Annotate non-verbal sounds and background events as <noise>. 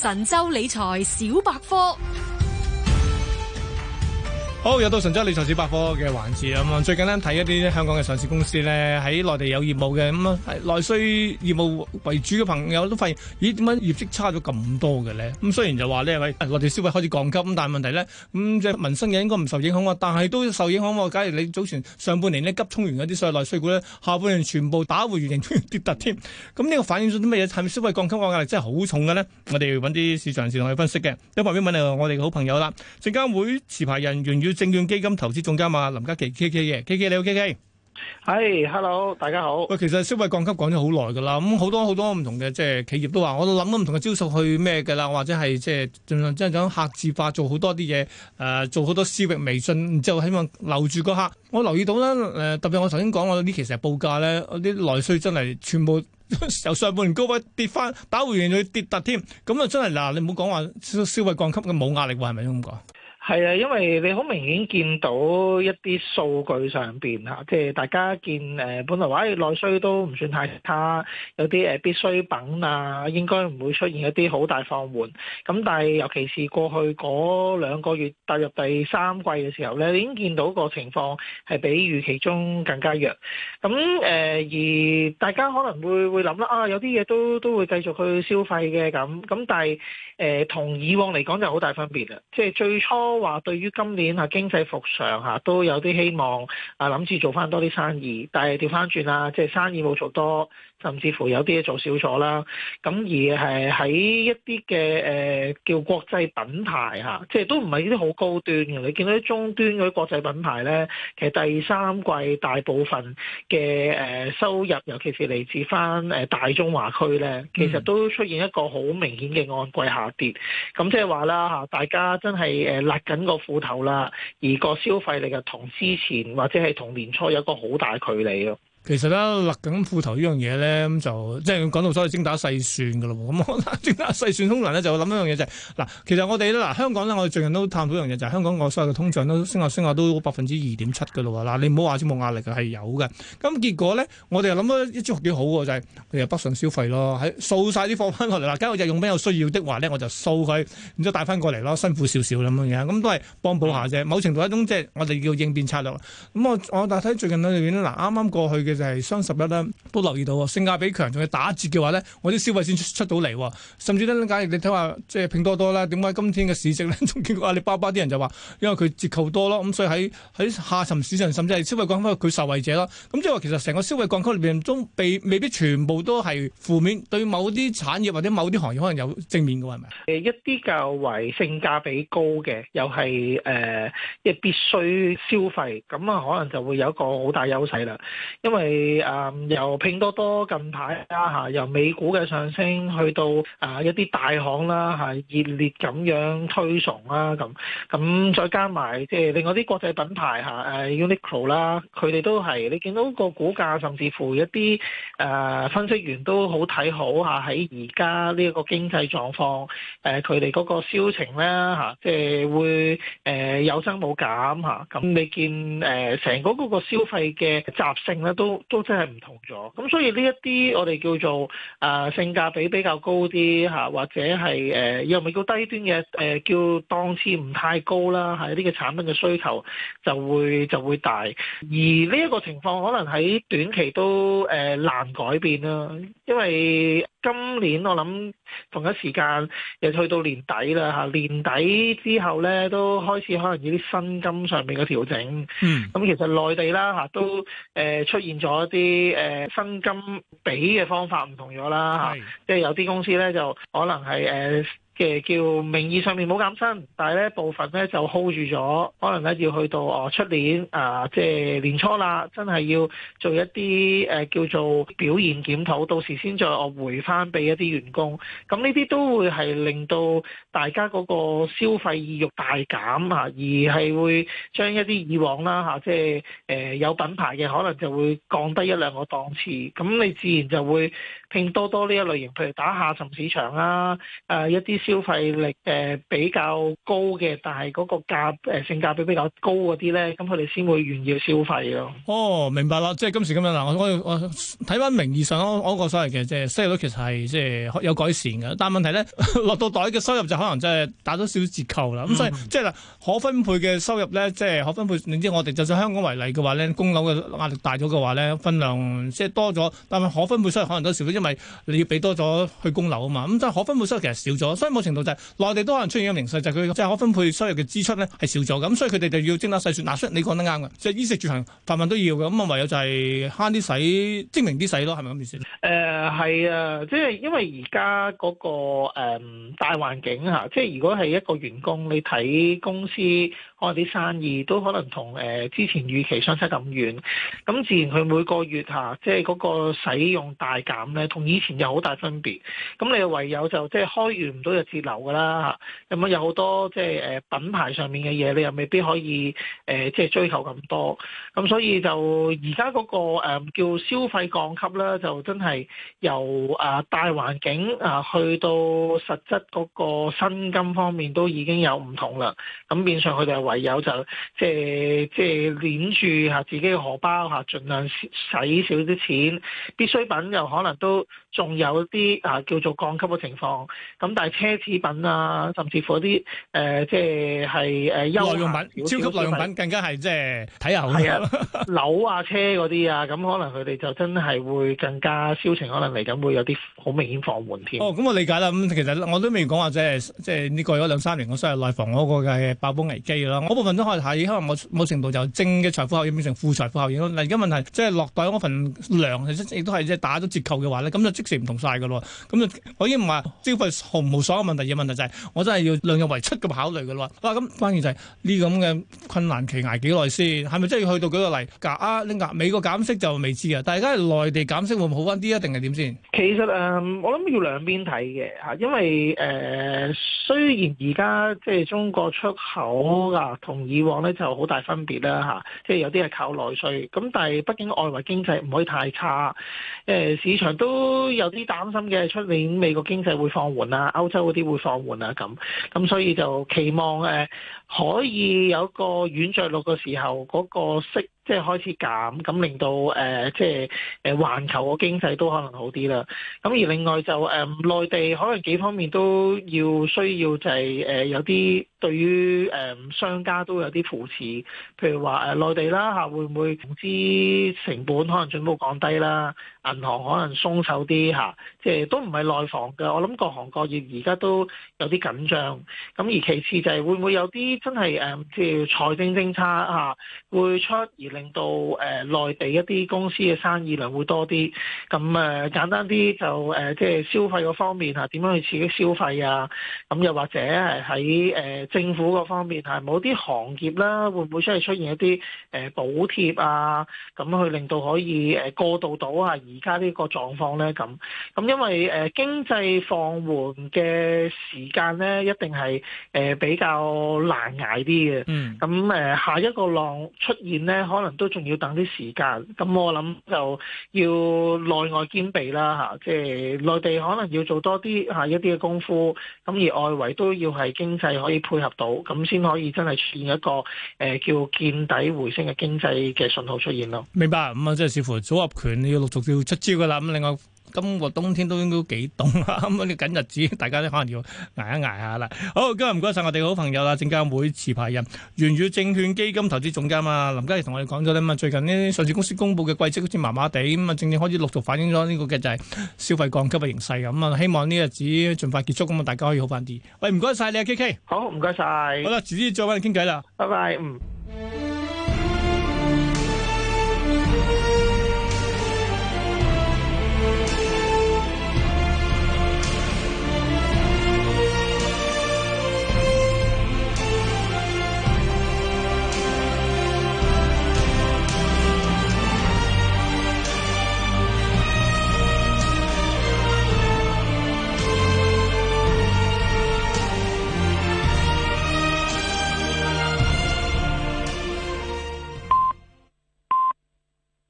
神州理財小百科。好，又到神州理財小百科嘅環節。咁啊，最簡單睇一啲香港嘅上市公司咧，喺內地有業務嘅咁啊，內、嗯、需業務為主嘅朋友都發現，咦點解業績差咗咁多嘅咧？咁雖然就話呢，喂，內地消費開始降級，咁但係問題咧，咁、嗯、只、就是、民生嘅應該唔受影響啊，但係都受影響啊，假如你早前上半年咧急衝完嗰啲所謂內需股咧，下半年全部打回原形跌突添，咁 <laughs> 呢個反映咗啲乜嘢？係咪消費降級壓力真係好重嘅咧？我哋揾啲市場人士同你分析嘅，有日旁邊我哋嘅好朋友啦，證監會持牌人員，員。要證券基金投資總監嘛？林家琪 K K 嘅 K K 你好 K K，係 Hello，大家好。喂，其實消費降級講咗好耐噶啦，咁好多好多唔同嘅即係企業都話，我都諗咗唔同嘅招數去咩噶啦，或者係即係盡量即係想客製化做好多啲嘢，誒，做好多、呃、多私域微信，然之後希望留住個客。我留意到啦，誒，特別我頭先講我期呢期成日報價咧，啲內需真係全部 <laughs> 由上半年高位跌翻，打回原去跌突添。咁啊，真係嗱，你唔好講話消費降級嘅冇壓力喎，係咪咁講？係啊，因為你好明顯見到一啲數據上邊嚇，即係大家見，誒，本來話內需都唔算太差，有啲誒必需品啊，應該唔會出現一啲好大放緩。咁但係尤其是過去嗰兩個月踏入第三季嘅時候咧，你已經見到個情況係比預期中更加弱。咁誒、呃、而大家可能會會諗啦，啊有啲嘢都都會繼續去消費嘅咁咁，但係誒同以往嚟講就好大分別啦。即係最初。話對於今年啊經濟復常吓都有啲希望啊，諗住做翻多啲生意，但係調翻轉啦，即係生意冇做多。甚至乎有啲嘢做少咗啦，咁而係喺一啲嘅誒叫國際品牌嚇，即係都唔係啲好高端嘅。你見到啲中端嗰啲國際品牌咧，其實第三季大部分嘅誒收入，尤其是嚟自翻誒大中華區咧，其實都出現一個好明顯嘅按季下跌。咁、嗯、即係話啦嚇，大家真係誒勒緊個褲頭啦，而個消費力就同之前或者係同年初有一個好大距離咯。其實咧，勒緊褲頭樣呢樣嘢咧，咁就即係講到所謂精打細算嘅咯。咁、嗯、我精打細算通常咧就諗一樣嘢就係、是、嗱，其實我哋咧嗱，香港咧我哋最近都探到一樣嘢就係、是、香港個所謂嘅通脹都升下升下都百分之二點七嘅咯喎。嗱，你唔好話冇壓力嘅，係有嘅。咁結果咧，我哋又諗到一招幾好嘅就係誒北上消費咯，喺掃晒啲貨返落嚟嗱，假如日用品有需要的話咧，我就掃佢，然之後帶翻過嚟咯，辛苦少少咁樣樣，咁都係幫補下啫。某程度，一種即係我哋叫應變策略。咁、嗯嗯、我我大睇最近兩年咧，嗱啱啱過去嘅。就係雙十一啦。都留意到喎，性價比強，仲要打折嘅話咧，我啲消費先出到嚟，甚至咧，假如你睇下即係拼多多啦，點解今天嘅市值咧，仲見過阿里巴巴啲人就話，因為佢折扣多咯，咁所以喺喺下沉市場，甚至係消費降級，佢受惠者咯。咁即係話，其實成個消費降級裏面，中，被未必全部都係負面，對某啲產業或者某啲行業可能有正面嘅，係咪？一啲較為性價比高嘅，又係誒，即係必須消費，咁啊，可能就會有一個好大優勢啦。因為、呃有拼多多近排啊，嚇由美股嘅上升去到啊一啲大行啦，嚇熱烈咁樣推崇啦，咁咁再加埋即係另外啲國際品牌嚇，誒 Uniqlo 啦，佢哋都係你見到個股價，甚至乎一啲誒分析員都好睇好嚇，喺而家呢一個經濟狀況，誒佢哋嗰個銷情咧嚇，即係會誒有增冇減嚇，咁你見誒成個嗰個消費嘅習性咧都都真係唔同咗。咁所以呢一啲我哋叫做啊、呃、性價比比較高啲，或者係誒、呃、又咪叫低端嘅誒、呃，叫檔次唔太高啦，係呢個產品嘅需求就會就會大，而呢一個情況可能喺短期都誒、呃、難改變啦，因為今年我諗同一時間又去到年底啦，嚇年底之後咧，都開始可能有啲薪金上面嘅調整。嗯，咁其實內地啦嚇都、呃、出現咗一啲誒薪金俾嘅方法唔同咗啦，嚇即係有啲公司咧就可能係誒嘅叫名義上面冇減薪，但係咧部分咧就 hold 住咗，可能咧要去到哦出年啊，即係年初啦，真係要做一啲誒叫做表現檢討，到時先再我回翻俾一啲員工。咁呢啲都會係令到大家嗰個消費意欲大減吓，而係會將一啲以往啦吓，即係誒有品牌嘅可能就會降低一兩個檔次。咁你自然就會拼多多呢一類型，譬如打下沉市場啦誒一啲。消費力誒比較高嘅，但係嗰個價、呃、性價比比較高嗰啲咧，咁佢哋先會願意去消費咯。哦，明白啦，即係今時今日嗱，我我睇翻名義上，我個所謂嘅，即係收入率其實係即係有改善嘅。但係問題咧，落到袋嘅收入就可能就係打咗少少折扣啦。咁、嗯、所以即係嗱，可分配嘅收入咧，即係可分配。你知我哋就算香港為例嘅話咧，供樓嘅壓力大咗嘅話咧，分量即係多咗，但係可分配收入可能都少咗，因為你要俾多咗去供樓啊嘛。咁即係可分配收入其實少咗，所以。個程度就係、是、內地都可能出現個形勢，就係佢嘅可分配收入嘅支出咧係少咗，咁所以佢哋就要精打細算。嗱，雖然你講得啱嘅，即係衣食住行，份份都要嘅，咁啊唯有就係慳啲使，精明啲使咯，係咪咁意思？呃係啊，即係因為而家嗰個大環境嚇，即係如果係一個員工，你睇公司可能啲生意都可能同誒之前預期相差咁遠，咁自然佢每個月嚇，即係嗰個使用大減咧，同以前有好大分別。咁你唯有就即係開源唔到就節流㗎啦嚇，咁有好多即係品牌上面嘅嘢，你又未必可以即係追求咁多。咁所以就而家嗰個叫消費降級啦，就真係。由啊大環境啊去到實質嗰個薪金方面都已經有唔同啦，咁變相佢哋係唯有就即係即係攣住下自己嘅荷包嚇，盡量使少啲錢，必需品又可能都仲有啲啊叫做降級嘅情況，咁但係奢侈品啊，甚至乎啲誒、呃、即係係誒耐用品、超級耐用品更加係即係睇下後啊， <laughs> 樓啊車嗰啲啊，咁可能佢哋就真係會更加銷情可能。嚟緊會有啲好明顯放緩添。哦，咁我理解啦。咁其實我都未講話，即係即係呢個兩三年，我所以內房嗰個嘅爆煲危機咯。我部分都可能係，可能某某程度就正嘅財富效應變成負財富效應咯。嗱，而家問題即係、就是、落袋嗰份糧亦都係即係打咗折扣嘅話咧，咁就即時唔同晒噶咯。咁就我已經話消費毫無所有問題。第嘅問題就係、是、我真係要量入為出咁考慮噶咯。哇、啊，咁關鍵就係呢咁嘅困難期挨幾耐先，係咪真係要去到舉個例？啊，呢美國減息就未知啊。但係而家內地減息會唔會好返啲定係點？其實誒，我諗要兩邊睇嘅嚇，因為誒、呃，雖然而家即係中國出口和啊，同以往咧就好大分別啦嚇，即係有啲係靠內需，咁但係畢竟外圍經濟唔可以太差，誒、呃、市場都有啲擔心嘅，出年美國經濟會放緩啊，歐洲嗰啲會放緩啊咁，咁所以就期望誒、呃、可以有一個軟着陸嘅時候嗰、那個息。即係開始減，咁令到誒、呃，即係誒環球個經濟都可能好啲啦。咁而另外就誒、呃、內地可能幾方面都要需要就係、是呃、有啲對於誒、呃、商家都有啲扶持，譬如話誒、呃、內地啦嚇，會唔會融資成本可能進一步降低啦？銀行可能鬆手啲、啊、即係都唔係內房㗎。我諗各行各業而家都有啲緊張。咁而其次就係會唔會有啲真係誒、呃，即係財政政策、啊、會出而。令到誒、呃、內地一啲公司嘅生意量會多啲，咁誒、呃、簡單啲就誒即係消費嗰方面啊點、啊、樣去刺激消費啊？咁又或者係喺誒政府嗰方面係某啲行業啦，會唔會出係出現一啲誒、呃、補貼啊？咁去令到可以誒過渡到啊而家呢個狀況咧咁咁，因為誒、呃、經濟放緩嘅時間咧一定係誒、呃、比較難捱啲嘅。嗯，咁誒、呃、下一個浪出現咧，可能。都仲要等啲時間，咁我諗就要內外兼備啦嚇，即係內地可能要做多啲嚇一啲嘅功夫，咁而外圍都要係經濟可以配合到，咁先可以真係出現一個誒、呃、叫見底回升嘅經濟嘅信號出現咯。明白，咁、嗯、啊即係視乎組合拳，你要陸續要出招噶啦，咁另外。今個冬天都應該幾凍啦，咁你緊日子，大家咧可能要捱一捱下啦。好，今日唔該晒我哋嘅好朋友啦，證監會持牌人元宇證券基金投資總監啊，林嘉怡同我哋講咗咧，咁最近呢上市公司公布嘅季績好似麻麻地，咁啊正正開始陸續反映咗呢個嘅就係消費降級嘅形勢咁啊，希望呢日子盡快結束，咁啊大家可以好返啲。喂，唔該晒你啊，KK，好，唔該晒。好啦，遲啲再揾你傾偈啦，拜拜，嗯。